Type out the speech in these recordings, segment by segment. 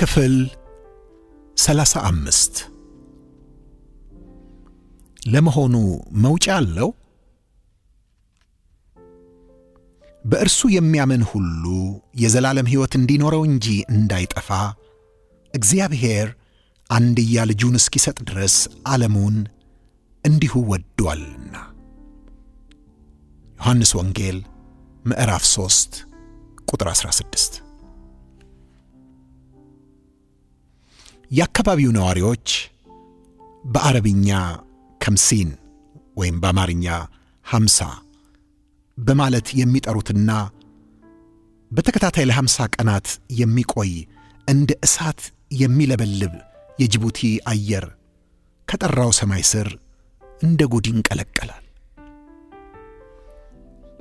ክፍል 35 ለመሆኑ መውጫ አለው? በእርሱ የሚያምን ሁሉ የዘላለም ሕይወት እንዲኖረው እንጂ እንዳይጠፋ እግዚአብሔር አንድያ ልጁን እስኪሰጥ ድረስ ዓለሙን እንዲሁ ወዷልና። ዮሐንስ ወንጌል ምዕራፍ 3 ቁጥር 16 የአካባቢው ነዋሪዎች በአረብኛ ከምሲን ወይም በአማርኛ ሐምሳ በማለት የሚጠሩትና በተከታታይ ለሐምሳ ቀናት የሚቆይ እንደ እሳት የሚለበልብ የጅቡቲ አየር ከጠራው ሰማይ ስር እንደ ጉድ ይንቀለቀላል።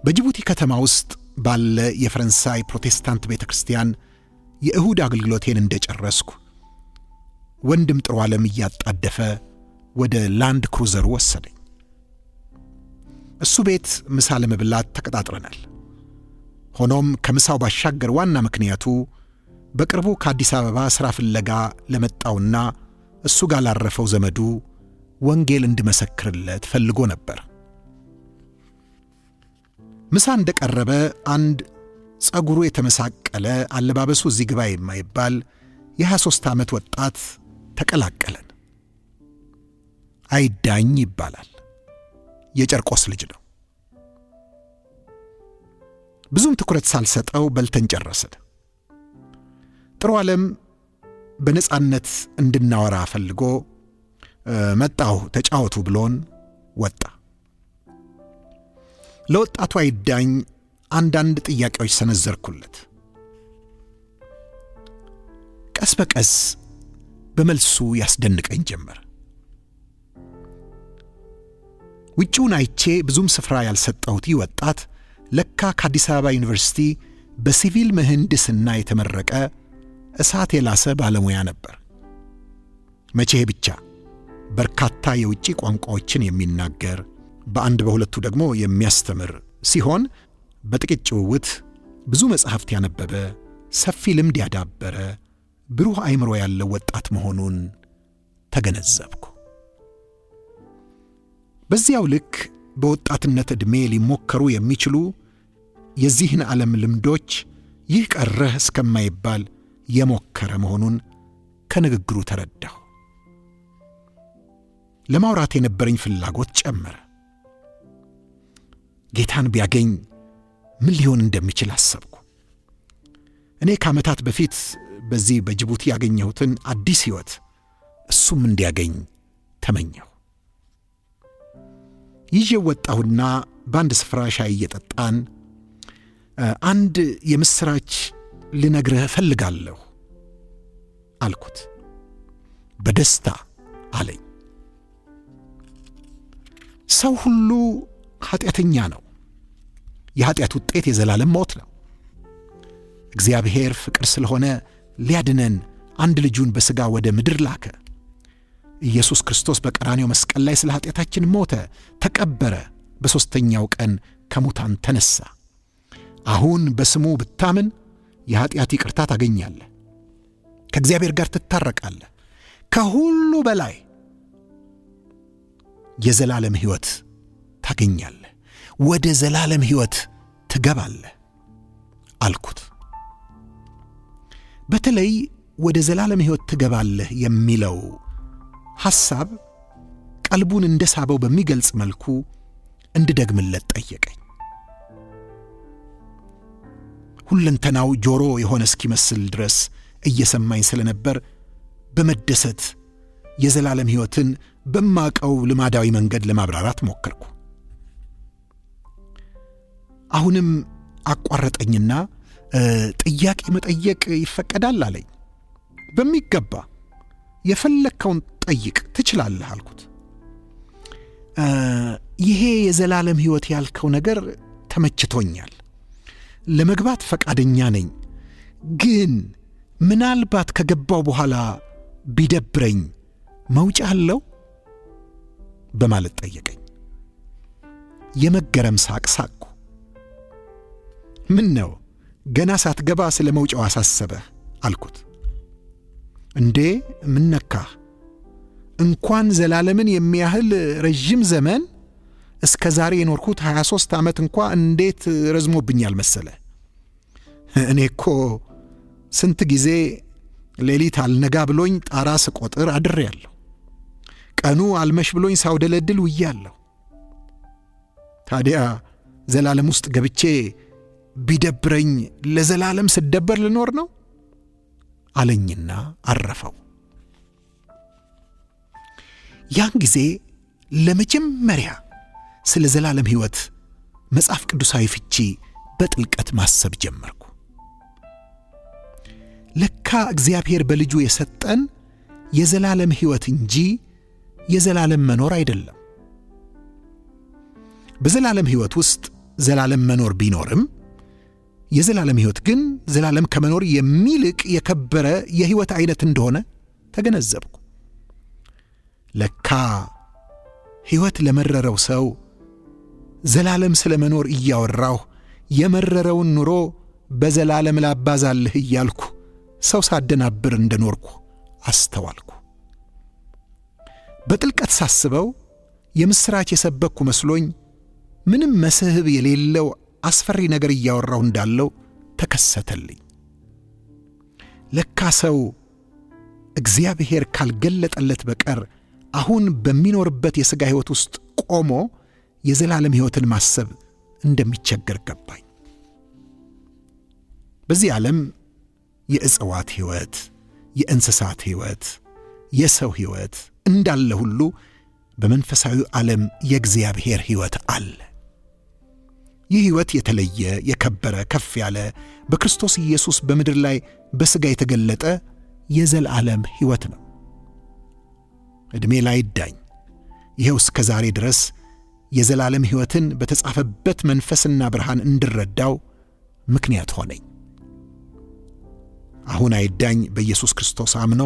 በጅቡቲ ከተማ ውስጥ ባለ የፈረንሳይ ፕሮቴስታንት ቤተ ክርስቲያን የእሁድ አገልግሎቴን እንደ ጨረስኩ ወንድም ጥሩ ዓለም እያጣደፈ ወደ ላንድ ክሩዘሩ ወሰደኝ። እሱ ቤት ምሳ ለመብላት ተቀጣጥረናል። ሆኖም ከምሳው ባሻገር ዋና ምክንያቱ በቅርቡ ከአዲስ አበባ ሥራ ፍለጋ ለመጣውና እሱ ጋር ላረፈው ዘመዱ ወንጌል እንድመሰክርለት ፈልጎ ነበር። ምሳ እንደቀረበ አንድ ጸጉሩ የተመሳቀለ አለባበሱ እዚህ ግባ የማይባል የ23 ዓመት ወጣት ተቀላቀለን። አይዳኝ ይባላል። የጨርቆስ ልጅ ነው። ብዙም ትኩረት ሳልሰጠው በልተን ጨረስን። ጥሩ ዓለም በነፃነት እንድናወራ ፈልጎ መጣሁ ተጫወቱ ብሎን ወጣ። ለወጣቱ አይዳኝ አንዳንድ ጥያቄዎች ሰነዘርኩለት። ቀስ በቀስ በመልሱ ያስደንቀኝ ጀመር። ውጭውን አይቼ ብዙም ስፍራ ያልሰጠሁት ይህ ወጣት ለካ ከአዲስ አበባ ዩኒቨርሲቲ በሲቪል ምህንድስና የተመረቀ እሳት የላሰ ባለሙያ ነበር። መቼ ብቻ በርካታ የውጭ ቋንቋዎችን የሚናገር በአንድ በሁለቱ ደግሞ የሚያስተምር ሲሆን በጥቂት ጭውውት ብዙ መጽሐፍት ያነበበ ሰፊ ልምድ ያዳበረ ብሩህ አይምሮ ያለው ወጣት መሆኑን ተገነዘብኩ። በዚያው ልክ በወጣትነት ዕድሜ ሊሞከሩ የሚችሉ የዚህን ዓለም ልምዶች ይህ ቀረህ እስከማይባል የሞከረ መሆኑን ከንግግሩ ተረዳሁ። ለማውራት የነበረኝ ፍላጎት ጨመረ። ጌታን ቢያገኝ ምን ሊሆን እንደሚችል አሰብኩ። እኔ ከዓመታት በፊት በዚህ በጅቡቲ ያገኘሁትን አዲስ ሕይወት እሱም እንዲያገኝ ተመኘሁ። ይዤው ወጣሁና በአንድ ስፍራ ሻይ እየጠጣን አንድ የምሥራች ልነግርህ እፈልጋለሁ አልኩት። በደስታ አለኝ። ሰው ሁሉ ኃጢአተኛ ነው። የኃጢአት ውጤት የዘላለም ሞት ነው። እግዚአብሔር ፍቅር ስለሆነ ሊያድነን አንድ ልጁን በሥጋ ወደ ምድር ላከ። ኢየሱስ ክርስቶስ በቀራኔው መስቀል ላይ ስለ ኃጢአታችን ሞተ፣ ተቀበረ፣ በሦስተኛው ቀን ከሙታን ተነሣ። አሁን በስሙ ብታምን የኀጢአት ይቅርታ ታገኛለህ፣ ከእግዚአብሔር ጋር ትታረቃለህ፣ ከሁሉ በላይ የዘላለም ሕይወት ታገኛለህ፣ ወደ ዘላለም ሕይወት ትገባለህ አልኩት። በተለይ ወደ ዘላለም ሕይወት ትገባለህ የሚለው ሐሳብ ቀልቡን እንደ ሳበው በሚገልጽ መልኩ እንድደግምለት ጠየቀኝ። ሁለንተናው ጆሮ የሆነ እስኪመስል ድረስ እየሰማኝ ስለነበር በመደሰት የዘላለም ሕይወትን በማቀው ልማዳዊ መንገድ ለማብራራት ሞከርኩ። አሁንም አቋረጠኝና ጥያቄ መጠየቅ ይፈቀዳል አለኝ። በሚገባ የፈለግከውን ጠይቅ ትችላለህ አልኩት። ይሄ የዘላለም ሕይወት ያልከው ነገር ተመችቶኛል፣ ለመግባት ፈቃደኛ ነኝ። ግን ምናልባት ከገባው በኋላ ቢደብረኝ መውጫ አለው በማለት ጠየቀኝ። የመገረም ሳቅ ሳቅኩ። ምን ነው ገና ሳትገባ ስለ መውጫው አሳሰበህ አልኩት። እንዴ ምነካህ? እንኳን ዘላለምን የሚያህል ረዥም ዘመን እስከ ዛሬ የኖርኩት 23 ዓመት እንኳ እንዴት ረዝሞብኛል መሰለ። እኔ እኮ ስንት ጊዜ ሌሊት አልነጋ ብሎኝ ጣራ ስቆጥር አድሬያለሁ። ቀኑ አልመሽ ብሎኝ ሳውደለድል ውያለሁ። ታዲያ ዘላለም ውስጥ ገብቼ ቢደብረኝ ለዘላለም ስደበር ልኖር ነው አለኝና አረፈው። ያን ጊዜ ለመጀመሪያ ስለ ዘላለም ሕይወት መጽሐፍ ቅዱሳዊ ፍቺ በጥልቀት ማሰብ ጀመርኩ። ለካ እግዚአብሔር በልጁ የሰጠን የዘላለም ሕይወት እንጂ የዘላለም መኖር አይደለም። በዘላለም ሕይወት ውስጥ ዘላለም መኖር ቢኖርም የዘላለም ሕይወት ግን ዘላለም ከመኖር የሚልቅ የከበረ የሕይወት ዐይነት እንደሆነ ተገነዘብኩ። ለካ ሕይወት ለመረረው ሰው ዘላለም ስለ መኖር እያወራሁ የመረረውን ኑሮ በዘላለም ላባዛልህ እያልኩ ሰው ሳደናብር እንደኖርኩ አስተዋልኩ። በጥልቀት ሳስበው የምሥራች የሰበኩ መስሎኝ ምንም መስህብ የሌለው አስፈሪ ነገር እያወራሁ እንዳለው ተከሰተልኝ። ለካ ሰው እግዚአብሔር ካልገለጠለት በቀር አሁን በሚኖርበት የሥጋ ሕይወት ውስጥ ቆሞ የዘላለም ሕይወትን ማሰብ እንደሚቸገር ገባኝ። በዚህ ዓለም የእጽዋት ሕይወት፣ የእንስሳት ሕይወት፣ የሰው ሕይወት እንዳለ ሁሉ በመንፈሳዊ ዓለም የእግዚአብሔር ሕይወት አለ። ይህ ሕይወት የተለየ የከበረ ከፍ ያለ በክርስቶስ ኢየሱስ በምድር ላይ በሥጋ የተገለጠ የዘላለም ሕይወት ነው። ዕድሜ ዳኝ ይኸው እስከ ዛሬ ድረስ የዘላለም ሕይወትን በተጻፈበት መንፈስና ብርሃን እንድረዳው ምክንያት ሆነኝ። አሁን አይዳኝ በኢየሱስ ክርስቶስ አምኖ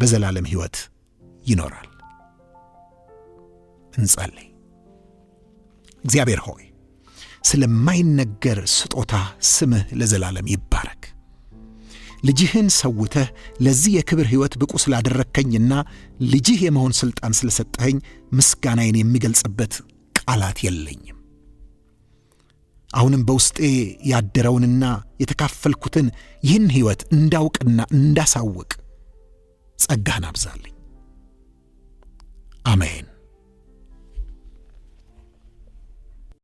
በዘላለም ሕይወት ይኖራል። እንጸልይ። እግዚአብሔር ሆይ ስለማይነገር ስጦታ ስምህ ለዘላለም ይባረክ። ልጅህን ሰውተህ ለዚህ የክብር ሕይወት ብቁ ስላደረግከኝና ልጅህ የመሆን ሥልጣን ስለሰጠኸኝ ምስጋናዬን የሚገልጽበት ቃላት የለኝም። አሁንም በውስጤ ያደረውንና የተካፈልኩትን ይህን ሕይወት እንዳውቅና እንዳሳውቅ ጸጋህን አብዛልኝ። አሜን።